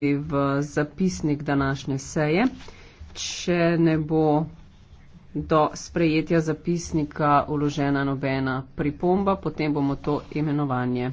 v zapisnik današnje seje. Če ne bo do sprejetja zapisnika uložena nobena pripomba, potem bomo to imenovanje.